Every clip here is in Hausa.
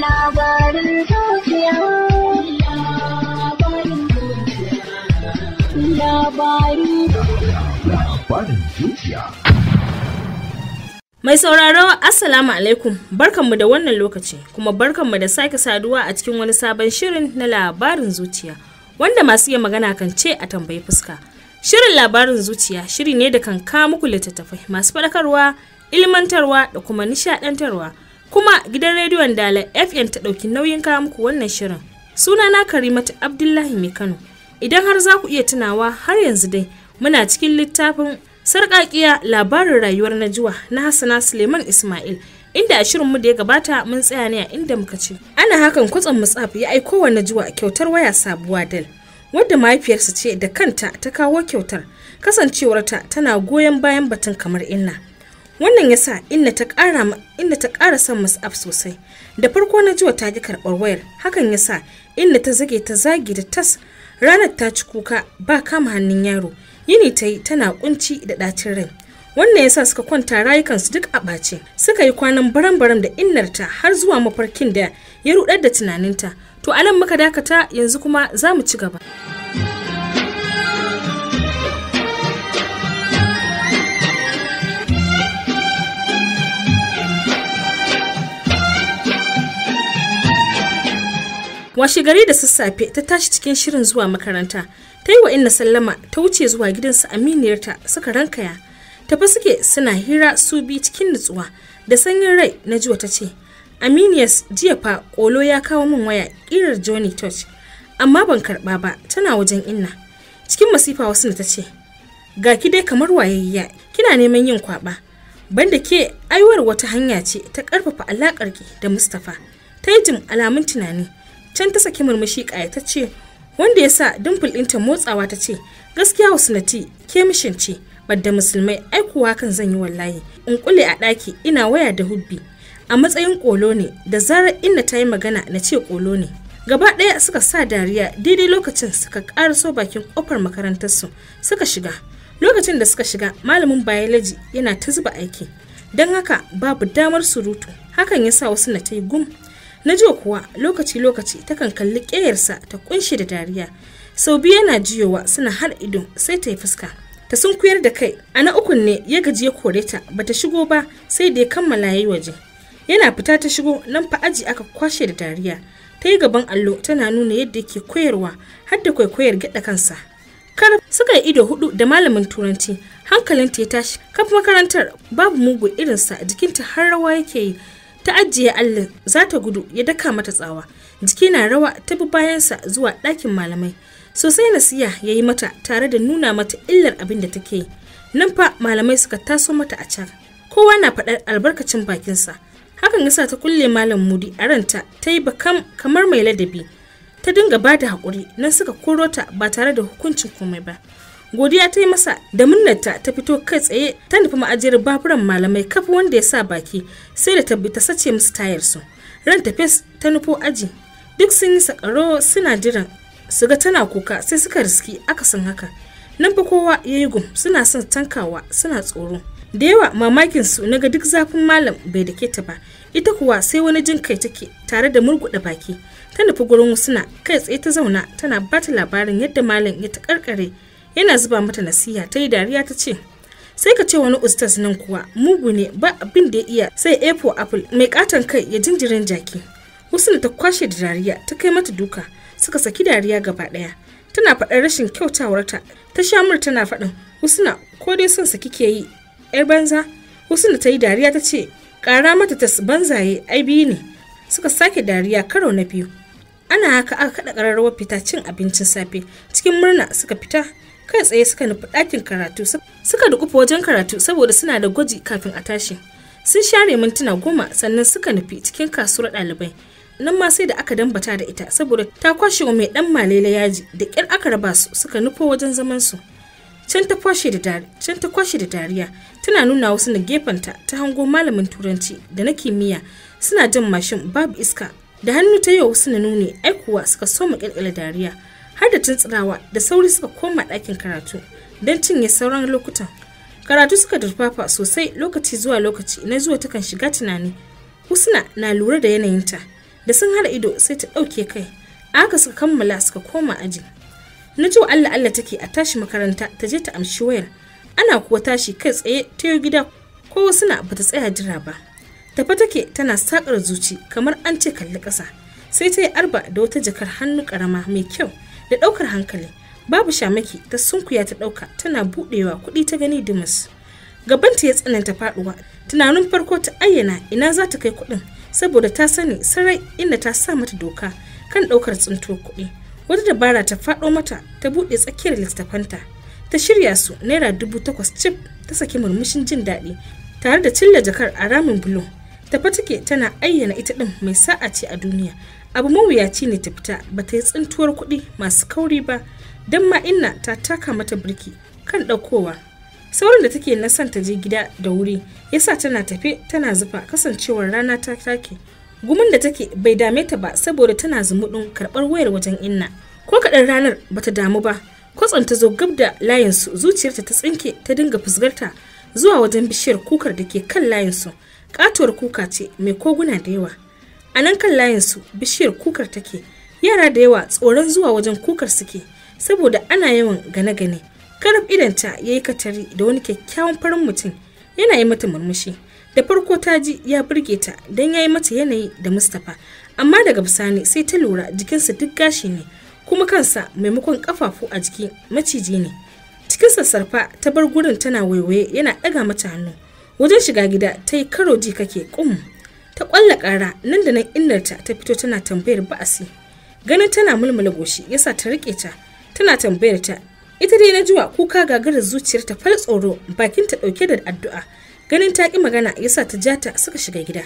labarin zuciya Mai sauraro Assalamu alaikum barkanmu da wannan lokaci kuma barkanmu da sake saduwa a cikin wani sabon shirin na labarin zuciya wanda masu iya magana kan ce a tambayi fuska. Shirin labarin zuciya shiri ne da kan kawo muku littattafai masu faɗakarwa, ilmantarwa da kuma nishaɗantarwa. kuma gidan rediyon dala fm ta ɗauki nauyin kawo muku wannan shirin suna na karimatu abdullahi mai kano idan har za ku iya tunawa har yanzu dai muna cikin littafin sarƙaƙiya labarin rayuwar na najuwa na hassana suleiman ismail inda a shirinmu da ya gabata mun tsaya ne a inda muka ce ana hakan kwatsan mutsaf ya aiko wa najuwa kyautar waya sabuwa dal wadda mahaifiyarsa ce da kanta ta kawo kyautar kasancewarta tana goyon bayan batun kamar inna wannan ya sa inna ta ƙara son masu af sosai da farko na jiwa ta ji karɓar wayar hakan ya sa inna ta zage ta zagi da tas ranar ta ci kuka ba kama hannun yaro yini ta yi tana kunci da ɗacin rai wannan ya sa suka kwanta rayukansu duk a ɓace suka yi kwanan baram-baram da ta har zuwa mafarkin da ya rudar da tunaninta to anan muka dakata yanzu kuma za mu ci gaba. washe gari da sassafe ta tashi cikin shirin zuwa makaranta ta yi wa inna sallama ta wuce zuwa gidansa aminiyarta suka rankaya tafi suke suna hira su bi cikin nutsuwa da sanyin rai na jiwa ta ce aminiyas jiya fa kolo ya kawo min waya kirar johnny touch amma ban karba ba tana wajen inna cikin masifa wasu ta ce ga ki dai kamar wayayya kina neman yin kwaba banda ke aiwar wata hanya ce ta karfafa alakar ki da mustapha ta yi jin alamun tunani can ta saki murmushi kayatacce wanda ya sa dimpul ɗinta motsawa ta ce gaskiya husnati ke mishin ce badda musulmai aikuwa kan zan yi wallahi in kule a ɗaki ina waya da hubbi a matsayin kolo ne da zarar inna ta yi magana na ce kolo ne gaba ɗaya suka sa dariya daidai lokacin suka ƙaraso bakin ƙofar makarantarsu suka shiga lokacin da suka shiga malamin biology yana ta zuba aiki don haka babu damar surutu hakan ya sa wasu na ta yi gum na Lajo kuwa lokaci-lokaci takan kalli ƙeyarsa ta kunshi da dariya. Sau biyu yana jiyowa suna har ido sai ta yi fuska. Ta sunkuyar da kai, a na ukun ne ya gaji ya kore ta ba ta shigo ba sai da ya kammala ya yi waje. Yana fita ta shigo nan fa aji aka kwashe da dariya. Ta yi gaban allo tana nuna yadda yake koyarwa har da kwaikwayar gyaɗa kansa. Kar suka yi ido hudu da malamin turanci hankalinta ya tashi kafin makarantar babu mugu irinsa jikinta har rawa yake yi ta ajiye allin za ta gudu ya daka mata tsawa jiki na rawa ta bi bayansa zuwa ɗakin malamai sosai nasiya ya yi mata tare da nuna mata illar abin da take yi nan fa malamai suka taso mata a can kowa na faɗar albarkacin bakinsa hakan ya sa ta kulle malam mudi a ranta ta yi bakam kamar mai ladabi ta dinga ba da haƙuri nan suka koro ta ba tare da hukuncin komai ba godiya ta yi masa da munnarta ta fito kai tsaye ta nufi ma'ajiyar baburan malamai kafin wanda ya sa baki sai da tabbita ta sace musu tayar su ran tafes ta nufo aji duk sun yi sakaro suna jiran su ga tana kuka sai suka riski san haka nan fa kowa ya yi gum suna son tankawa suna tsoro da yawa mamakin su na ga duk zafin malam bai dake ta ba ita kuwa sai wani jin kai take tare da murguɗa baki ta nufi gurin suna kai tsaye ta zauna tana bata labarin yadda malam ya ta karkare yana zuba mata nasiha ta yi dariya ta ce sai ka ce wani ustaz nan kuwa mugu ne ba abin da ya iya sai apple apple mai katon kai ya jinjirin jaki husna ta kwashe da dariya ta kai mata duka suka saki dariya gaba daya tana faɗar rashin kyautawarta ta sha mur tana faɗin husna ko dai son saki kike yi yar banza husna ta yi dariya ta ce ƙara mata ta banzaye ai biyu ne suka sake dariya karo na biyu ana haka aka kaɗa ƙararrawar fita cin abincin safe cikin murna suka fita kai tsaye suka nufi ɗakin karatu suka dukufa wajen karatu saboda suna da gwaji kafin a tashi sun share mintuna goma sannan suka nufi cikin kasuwar ɗalibai nan ma sai da aka dambata da ita saboda ta kwashe wa mai ɗan malela yaji da ƙyar aka raba su suka nufo wajen zaman su can ta kwashe da dari can ta kwashe da dariya tana nuna wasu na gefenta ta hango malamin turanci da na kimiyya suna jan mashin babu iska da hannu ta yi wasu na nuni aikuwa suka soma ƙirƙira dariya har da tuntsunawa da sauri suka koma ɗakin karatu don cinye sauran lokutan karatu suka durfafa sosai lokaci zuwa lokaci na zuwa takan shiga tunani husna na lura da yanayinta da sun hada ido sai ta ɗauke kai aka suka kammala suka koma aji na ji allah allah take a tashi makaranta ta je ta amshi wayar ana kuwa tashi kai tsaye ta yi gida ko wasu na bata tsaya jira ba tafa take tana sakar zuci kamar an ce kalli ƙasa sai ta yi arba da wata jakar hannu ƙarama mai kyau da ɗaukar hankali babu shamaki ta sunkuya ta ɗauka tana buɗewa kuɗi ta gani dimas gabanta ya tsananta faɗuwa tunanin farko ta ayyana ina za ta kai kuɗin saboda ta sani sarai inda ta sa mata doka kan ɗaukar tsinto kuɗi wata dabara ta faɗo mata ta buɗe tsakiyar littattafanta ta shirya su naira dubu takwas cif ta saki murmushin jin daɗi tare da cilla jakar a ramin bulo tafi take tana ayyana ita din mai sa'a ce a duniya abu mawuyaci ne ta fita ba ta yi tsintuwar kuɗi masu kauri ba don ma inna ta taka mata birki kan ɗaukowa sauran da take na son ta je gida da wuri yasa tana tafe tana zufa kasancewar rana ta take gumin da take bai dame ta ba saboda tana zumuɗin karɓar wayar wajen inna ko kaɗan ranar ba ta damu ba kwatsan ta zo gab da layinsu zuciyarta ta tsinke ta dinga fusgarta zuwa wajen bishiyar kukar da ke kan layinsu katuwar kuka ce mai koguna da yawa a nan kan layinsu bishiyar kukar take yara da yawa tsoron zuwa wajen kukar suke saboda ana yawan gane-gane karab idanta ya yi katari da wani kyakkyawan farin mutum yana yi mata murmushi da farko ta ji ya burge ta don ya yi mata yanayi da mustapha amma daga bisani sai ta lura jikinsa duk gashi ne kuma kansa maimakon kafafu a jiki maciji ne cikin sassarfa ta bar gurin tana waiwaye yana ɗaga mata hannu wajen shiga gida ta yi karo ji kake kum ta kwalla kara nan da nan innarta ta fito tana tambayar ba'asi ganin tana mulmula goshi yasa ta rike ta tana tambayar ta ita dai na jiwa kuka gagarar zuciyar ta fal tsoro bakin ta dauke da addu'a ganin ta ki magana yasa ta ja ta suka shiga gida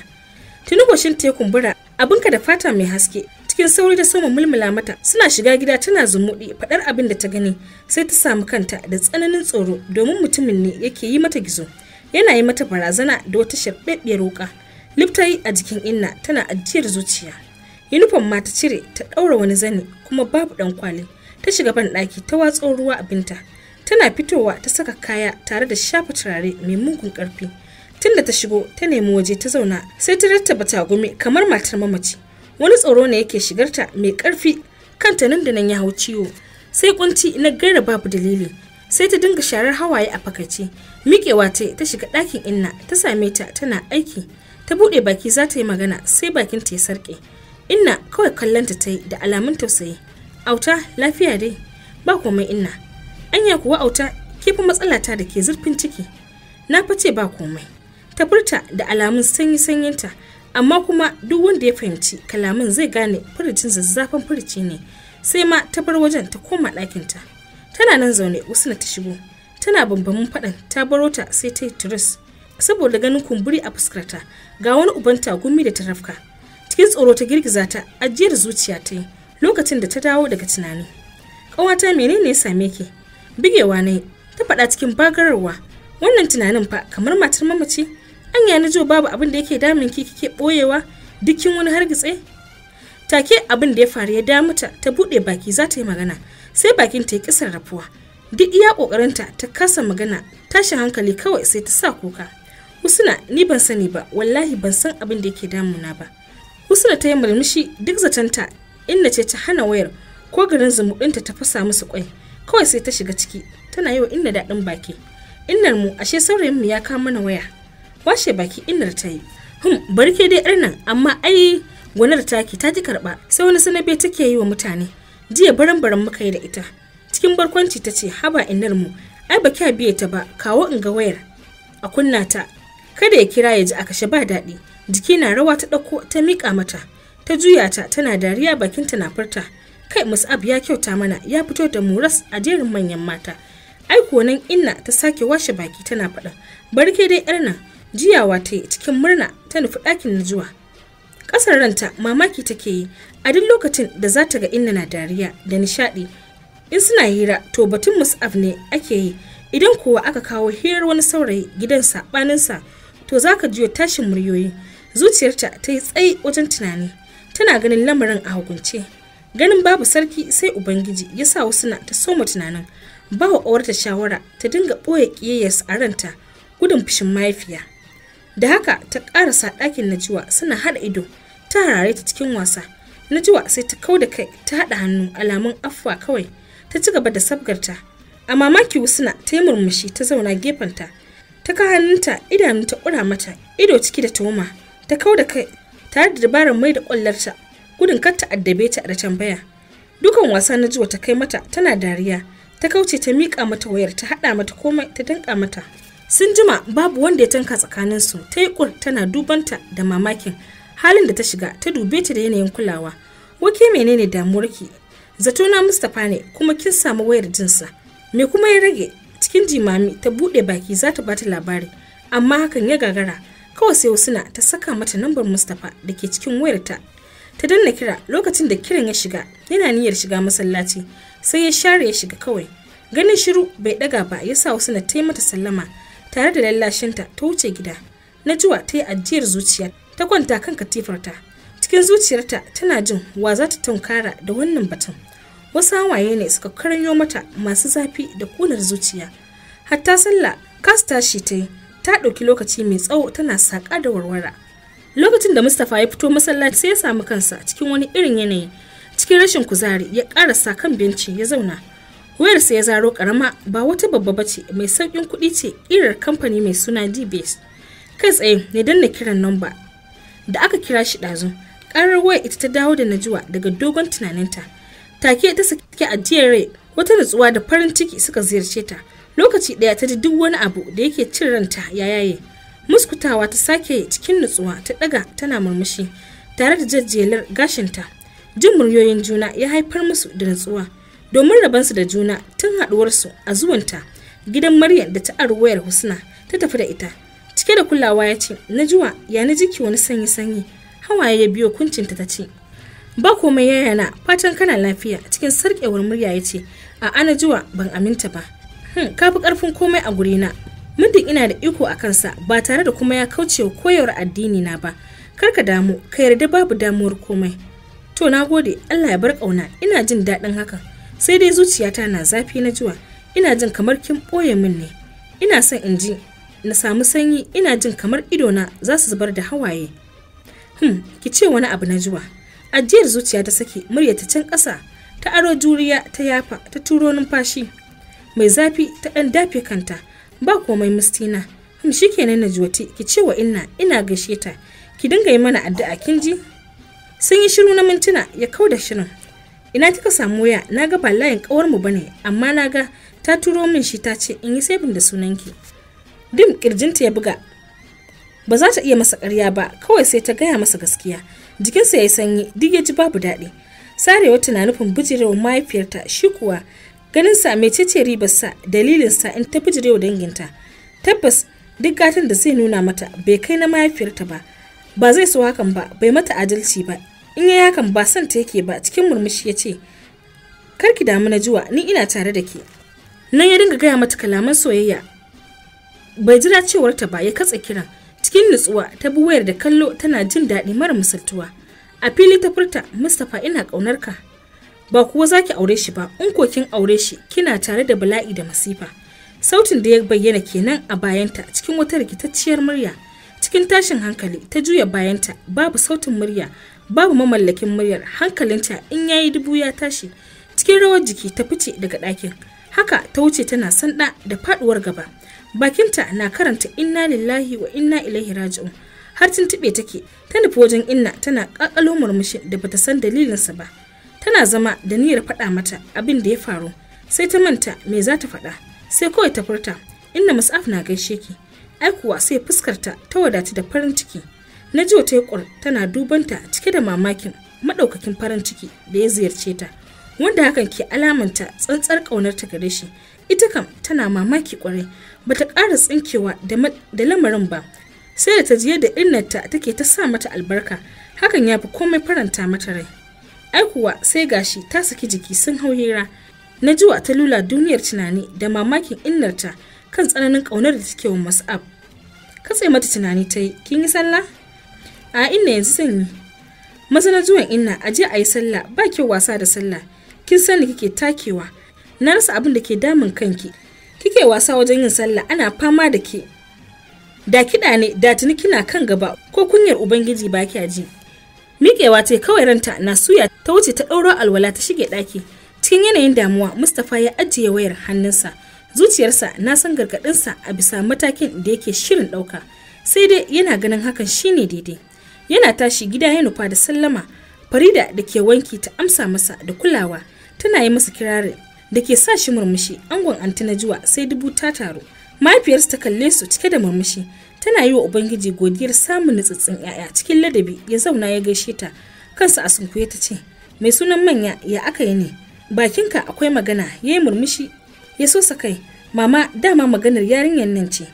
tuni goshin ta ya kumbura abinka da fata mai haske cikin sauri da soma mulmula mata suna shiga gida tana zumuɗi faɗar abin da ta gani sai ta samu kanta da tsananin tsoro domin mutumin ne yake yi mata gizo yana yi mata barazana da wata shaɓaɓɓiyar wuka lifta yi a jikin inna tana ajiyar zuciya yunifom ma ta cire ta ɗaura wani zani kuma babu ɗan kwali ta shiga ban ɗaki ta watsa ruwa abinta tana fitowa ta saka kaya tare da shafa turare mai mugun ƙarfi tunda ta shigo ta nemi waje ta zauna sai ta rattaba tagumi kamar matar mamaci wani tsoro ne yake shigarta mai ƙarfi kanta nan da nan ya hau ciwo sai kunci na gaira babu dalili sai ta dinga sharar hawaye a fakace miƙewa ta ta shiga ɗakin inna ta same ta tana aiki ta buɗe baki za ta yi magana sai bakin ta ya sarƙe inna kawai kallonta ta yi da alamun tausayi auta lafiya dai ba komai inna anya kuwa auta ke fa matsala ta da ke zurfin ciki na fice ba komai ta furta da alamun sanyi sanyinta amma kuma duk wanda ya fahimci kalamin zai gane furicin zazzafan furici ne sai ma ta bar wajen ta koma ɗakinta tana nan zaune usna ta shigo tana bambamin faɗan ta baro ta sai ta yi turis saboda ganin kumburi a fuskarta ga wani uban gumi, da ta rafka cikin tsoro ta girgiza ta ajiyar zuciya ta yi lokacin da ta dawo daga tunani ƙawata menene ya same ki bigewa ne, ta faɗa cikin bagararwa wannan tunanin fa kamar matar mamaci anya na jo babu abin da yake damin ki kike ɓoyewa dukkin wani hargitse take abin da ya faru ya damuta ta buɗe baki za ta yi magana sai bakin ta yi kisar rafuwa duk iya kokarinta ta kasa magana tashin hankali kawai sai ta sa kuka husna ni ban sani ba wallahi ban san abin da yake damuna ba husna ta yi murmushi duk zatanta inda ce ta hana wayar ko garin zumuɗinta ta fasa musu kwai kawai sai ta shiga ciki tana yi wa inna daɗin baki innar mu ashe saurayin mu ya kawo mana waya washe baki innar ta yi hum barke dai nan amma ai gwanar taki ta ji karba sai wani sanabe take yi wa mutane jiya baran baran muka yi da ita cikin barkwanci ta ce haba inar mu ai ba kya biye ta ba kawo in ga wayar a kunna ta kada ya kira ya ji a kashe ba daɗi jiki na rawa ta ɗauko ta miƙa mata ta juya ta tana dariya bakinta na furta kai mus'ab ya kyauta mana ya fito da muras a jerin manyan mata ai nan inna ta sake washe baki tana faɗa barke dai yar nan jiyawa ta cikin murna ta nufi ɗakin na zuwa ƙasar ranta mamaki take yi a duk lokacin da za ta ga inna na dariya da nishaɗi in suna hira to batun mus'af ne ake yi idan kuwa aka kawo hirar wani saurayi gidan saɓaninsa to za ka jiyo tashin muryoyi zuciyarta ta yi tsayi wajen tunani tana ganin lamarin a hukunce ganin babu sarki sai ubangiji ya sa wasu na ta soma tunanin ba wa ƙawarta shawara ta dinga ɓoye ƙiyayyarsa a ranta gudun fushin mahaifiya da haka ta ƙarasa ɗakin najuwa suna haɗa ido ta harare ta cikin wasa najuwa sai ta kau da kai ta haɗa hannu alamun afuwa kawai ta ci gaba da sabgarta a mamaki wusuna ta yi murmushi ta zauna gefenta ta ka hannunta idanu ta ƙura mata ido ciki da tuhuma ta kau da kai tare da dabarar mai da ƙwallarta gudun kar ta addabe ta da tambaya dukan wasa na jiwa ta kai mata tana dariya ta kauce ta miƙa mata wayar ta haɗa mata komai ta danƙa mata sun jima babu wanda ya tanka tsakaninsu ta yi ƙur tana dubanta da mamakin halin da ta shiga ta dube ta da yanayin kulawa wake menene damuwarki zato na mustapha ne kuma kin samu wayar jinsa me kuma ya rage cikin jimami ta buɗe baki za ta bata labari amma hakan ya gagara kawai sai husna ta saka mata lambar mustapha da ke cikin wayarta ta danna kira lokacin da kiran ya shiga yana niyyar shiga masallaci sai ya share ya shiga kawai ganin shiru bai daga ba ya sa wasu na ta mata sallama tare da lallashinta ta wuce gida na juwa ta yi ajiyar zuciya ta kwanta kan katifarta cikin zuciyarta tana jin wa za ta tunkara da wannan batun wasu hawaye ne suka karanyo mata masu zafi da kunar zuciya hatta sallah kasu tashi ta yi ta ɗauki lokaci mai tsawo tana saƙa da warwara lokacin da mustapha ya fito masallaci sai ya samu kansa cikin wani irin yanayi cikin rashin kuzari ya ƙarasa kan benci ya zauna wayarsa ya zaro karama ba wata babba ba bace mai sauƙin kuɗi ce irar kamfani mai suna d kai tsaye ne danna kiran namba da aka kira shi ɗazu karar waya ita ta dawo da najuwa daga dogon tunaninta take ta saki ajiyar rai wata nutsuwa da farin ciki suka ziyarce ta lokaci ɗaya ta ji duk wani abu da yake cin ranta ya yaye muskutawa ta sake cikin nutsuwa ta ɗaga tana murmushi tare da jajjelar gashinta jin muryoyin juna ya haifar musu da nutsuwa domin rabansu da juna tun haɗuwarsu a zuwanta gidan maryam da ta wayar husna ta tafi da ita cike da kulawa ya ce najuwa ya na jiki wani sanyi sanyi hawaye ya biyo kuncinta ta ce ba komai yayana fatan kana lafiya cikin sarkewar murya ya ce a juwa ban aminta ba hmm, ka fi karfin komai a guri na muddin ina da iko a kansa ba tare da kuma ya kaucewa koyawar addini na ba kar ka damu ka yarda babu damuwar komai to na gode allah ya bar kauna ina jin daɗin hakan sai dai zuciyata na zafi na juwa ina jin kamar kin ɓoye min ne ina son in ji na samu sanyi ina jin kamar idona za su zubar da hawaye Hmm, ki ce wani abu na zuwa ajiyar zuciya ta sake murya ta can ƙasa ta aro juriya ta yafa ta turo numfashi mai zafi ta ɗan dafe kanta ba komai mustina hmm na juwati ki ce wa inna ina gaishe ta ki dinga yi mana addu'a kin ji sun yi shiru na mintuna ya kau da shirin ina kika samu waya na ga ba layin kawar mu bane amma na ga ta turo min shi ta ce in yi sabin da sunanki dim kirjinta ya buga ba za ta iya masa karya ba kawai sai ta gaya masa gaskiya jikinsa ya yi sanyi duk ya ji babu daɗi sarewa tana nufin bijirewa mahaifiyarta shi kuwa ganin sa mecece ribarsa sa in ta bijirewa danginta tabbas duk gatan da zai nuna mata bai kai na mahaifiyarta ba ba zai so hakan ba bai mata adalci ba in ya hakan ba son ta yake ba cikin murmushi ya ce kar ki damu na juwa ni ina tare da ke nan ya dinga gaya mata kalaman soyayya bai jira cewarta ba ya katse kiran cikin nutsuwa ta bi wayar da kallo tana jin daɗi mara misaltuwa a fili ta furta mustapha ina ƙaunar ka ba kuwa zaki aure shi ba in ko kin aure shi kina tare da bala'i da masifa sautin da ya bayyana kenan a bayanta cikin wata rikitacciyar murya cikin tashin hankali ta juya bayanta babu sautin murya babu mamallakin muryar hankalinta in yayi dubu ya tashi cikin rawar jiki ta fice daga ɗakin haka ta wuce tana sanda da faɗuwar gaba bakinta na karanta inna lillahi wa inna ilaihi raji'un har tun tube take ta nufi wajen inna tana ƙaƙalo murmushi da bata san dalilinsa ba tana zama da niyyar faɗa mata abin da ya faru sai ta manta me za ta faɗa sai kawai ta furta inna mus'af na gaishe ki ai kuwa sai fuskarta ta wadatu da farin ciki na ji ta yi tana dubanta cike da mamakin maɗaukakin farin ciki da ya ziyarce ta wanda hakan ke alamanta tsantsar ƙaunar ta gare shi ita kam tana mamaki kwarai bata ƙara tsinkewa da lamarin ba sai da ta ji yadda innarta take ta sa mata albarka hakan ya fi komai faranta mata rai ai sai gashi ta saki jiki sun hau hira na juwa ta lula duniyar tunani da mamakin innarta kan tsananin ƙaunar da take wa mas'ab katse mata tunani ta yi kin yi sallah a inna yanzu zan yi maza na zuwan inna a je a yi sallah ba kyau wasa da sallah kin sani kike takewa na rasa abin da ke damun kanki kike wasa wajen yin sallah ana fama da ke da kiɗa ne da tuni kina kan gaba ko kunyar ubangiji ba kya ji miƙewa ce kawai ranta na suya ta wuce ta ɗauro alwala ta shige ɗaki cikin yanayin damuwa mustapha ya ajiye wayar hannunsa zuciyarsa na san gargaɗinsa a bisa matakin da yake shirin ɗauka sai dai yana ganin hakan shine daidai yana tashi gida ya nufa da sallama farida da ke wanki ta amsa masa da kulawa tana yi masa kirarin da ke sa shi murmushi angon anti na juwa sai dubu ta taru mahaifiyarsa ta kalle su cike da murmushi tana yi wa ubangiji godiyar samun nutsatsin 'ya'ya cikin ladabi ya zauna ya gaishe ta kansa a sunkuye ta ce mai sunan manya ya aka yi ne bakinka akwai magana ya yi murmushi ya sosa kai mama dama maganar yarinyar nan ce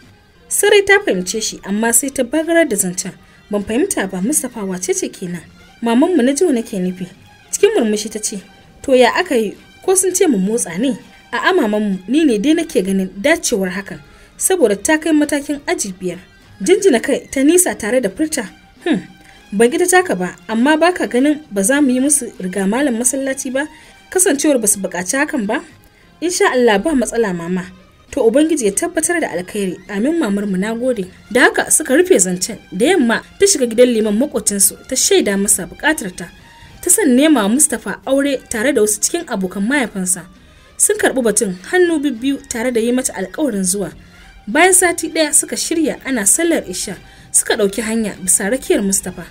sarai ta fahimce shi amma sai ta bagarar da zancen ban fahimta ba mustapha wace ce kenan mamanmu na jiwa nake nufi cikin murmushi ta ce to ya aka yi ko sun ce mu motsa ne a mu ni ne dai nake ganin dacewar hakan saboda ta kai matakin aji biyar jinjina kai ta nisa tare da furta hmm. ban ita taka ba amma baka ganin ba za mu yi musu riga malam masallaci ba kasancewar ba su buƙaci hakan ba in sha Allah ba matsala mama to ubangiji ya tabbatar da alkhairi amin mamar mu nagode da haka suka rufe zancen da yamma ta shiga gidan liman makocinsu ta shaida masa bukatar ta ta san nema Mustapha aure tare da wasu cikin abokan mahaifinsa. Sun karɓi batun hannu biyu-biyu tare da yi mata alkawarin zuwa. Bayan sati ɗaya suka shirya ana sallar isha suka ɗauki hanya bisa rakiyar Mustapha.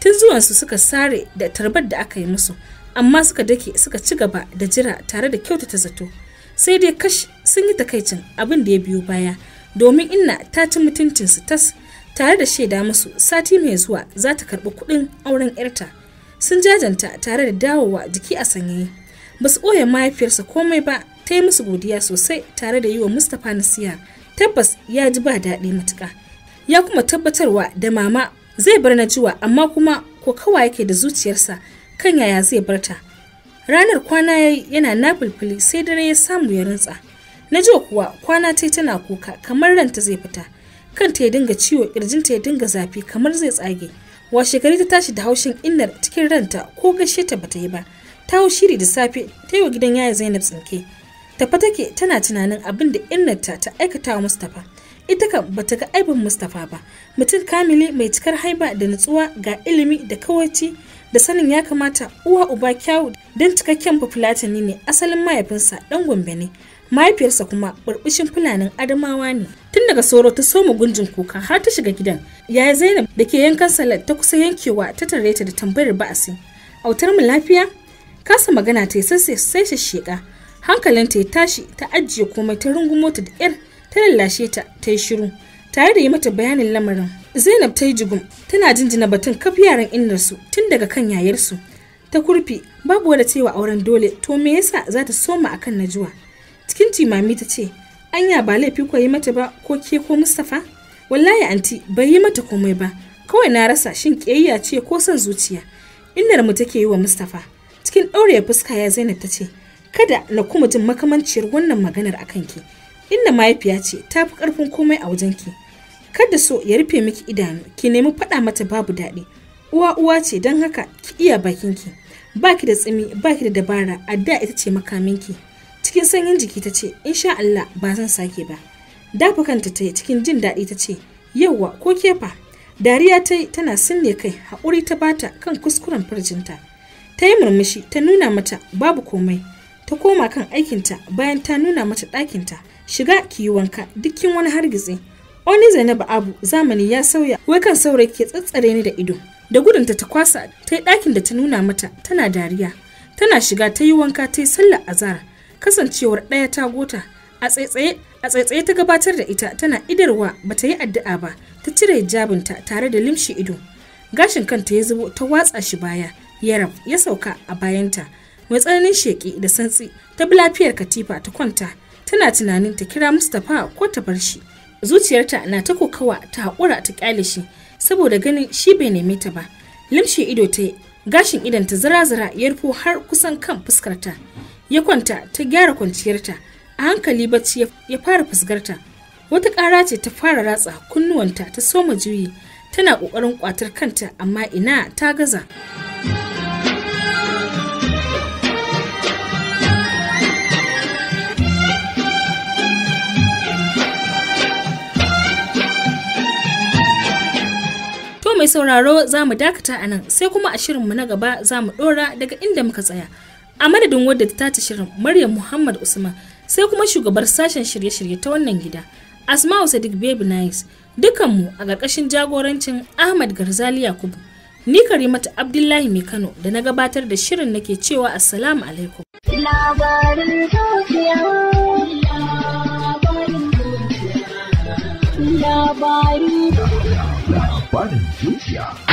Tun zuwansu suka sare da tarbar da aka yi musu, amma suka dake suka ci gaba da jira tare da kyautata zato. Sai dai kash sun yi takaicin abin da ya biyo baya, domin inna ta ci mutuncinsu tas tare da shaida musu sati mai zuwa za ta karɓi kuɗin auren 'yarta. sun jajanta tare da dawowa jiki a sanyi. ba su ɓoye mahaifiyarsa komai ba ta yi musu godiya sosai tare da yi wa mustapha nasiya tabbas ya ji ba daɗi matuka ya kuma tabbatarwa da mama zai bar na jiwa amma kuma ko kawa yake da zuciyarsa kan yaya zai bar ta ranar kwana yayi yana nafilfili, sai dare ya samu ya rintsa na jiwa kuwa kwana tai tana kuka kamar ranta zai fita kanta ya dinga ciwo kirjinta ya dinga zafi kamar zai tsage wa shekaru ta tashi da haushin innar cikin ranta ko gaishe ta bata yi ba ta hau shiri da safe ta yi wa gidan yaya zainab tsinke tafa take tana tunanin abin da innar ta ta aikata wa mustapha ita kan bata ga aibin mustapha ba mutum kamili mai cikar haiba da nutsuwa ga ilimi da kawaici da sanin ya kamata uwa uba kyawu don cikakken bafulatani ne asalin mahaifinsa dan gombe ne mahaifiyarsa kuma burbushin fulanin adamawa ne tun daga soro ta soma gunjin kuka har ta shiga gidan yaya zainab da ke yankan salat ta kusa yankewa ta tare ta da tambayar ba'asi autar mu lafiya kasa magana ta yi sai sheka ta ya tashi ta ajiye komai ta rungumo ta da yar ta lallashe ta ta yi shiru tare da yi mata bayanin lamarin zainab ta yi jigum tana jinjina batun kaf yaran su tun daga kan yayar su. ta kurfi babu wadda cewa auren dole to me yasa za ta soma akan najuwa cikin jimami ta ce anya ba laifi ko yi mata ba ko ke ko mustafa wallahi anti bai yi mata komai ba kawai na rasa shin kiyayya ce ko son zuciya innar mu take yi wa mustafa cikin ɗaure fuska ya zainab ta ce kada na kuma jin makamanciyar wannan maganar akan ki inda mahaifiya ce ta fi karfin komai a wajen ki kada so ya rufe miki idanu ki nemi faɗa mata babu daɗi uwa uwa ce don haka ki iya bakin ki baki da tsimi baki da dabara adda ita ce makaminki cikin sanyin jiki ta ce insha Allah ba zan sake ba dafa kanta ta cikin jin daɗi ta ce yauwa ko kefa dariya ta tana sinne kai haƙuri ta bata kan kuskuren farjinta ta yi murmushi ta nuna mata babu komai ta koma kan aikinta bayan ta nuna mata ɗakinta shiga ki yi wanka dukkin wani hargitsi oni zainabu abu zamani ya sauya wai kan saurayi ke tsatsare ni da ido da gudunta ta kwasa ta yi ɗakin da ta nuna mata tana dariya tana shiga ta yi wanka ta yi sallar azara kasancewar ɗaya ta gota a tsaitsaye ta gabatar da ita tana idarwa ba ta yi addu'a ba ta cire hijabinta tare da limshi ido gashin kanta ya zubo ta watsa shi baya yarab ya sauka a bayanta mai tsananin sheki da santsi ta bi lafiyar katifa ta kwanta tana tunanin ta kira mustapha ko ta bar shi zuciyarta na ta kokawa ta haƙura ta ƙyale shi saboda ganin shi bai neme ta ba limshi ido ta gashin idan ta zira-zira ya rufo har kusan kan fuskarta ya kwanta ta gyara kwanciyarta a hankali bacci ya fara fusgarta wata ƙara ce ta fara ratsa kunnuwanta ta soma juyi tana ƙoƙarin ƙwatar kanta amma ina ta gaza. mai sauraro za mu dakata a nan sai kuma a shirinmu na gaba za mu ɗora daga inda muka tsaya. a madadin wadda ta tace shirin maryam muhammad usman sai kuma shugabar sashen shirye-shirye ta wannan gida asma'u sadiq baby nice dukanmu a ƙarƙashin jagorancin ahmad garzali yakubu ni karimatu abdullahi mai kano da na gabatar da shirin nake cewa assalamu alaikum labarin labarin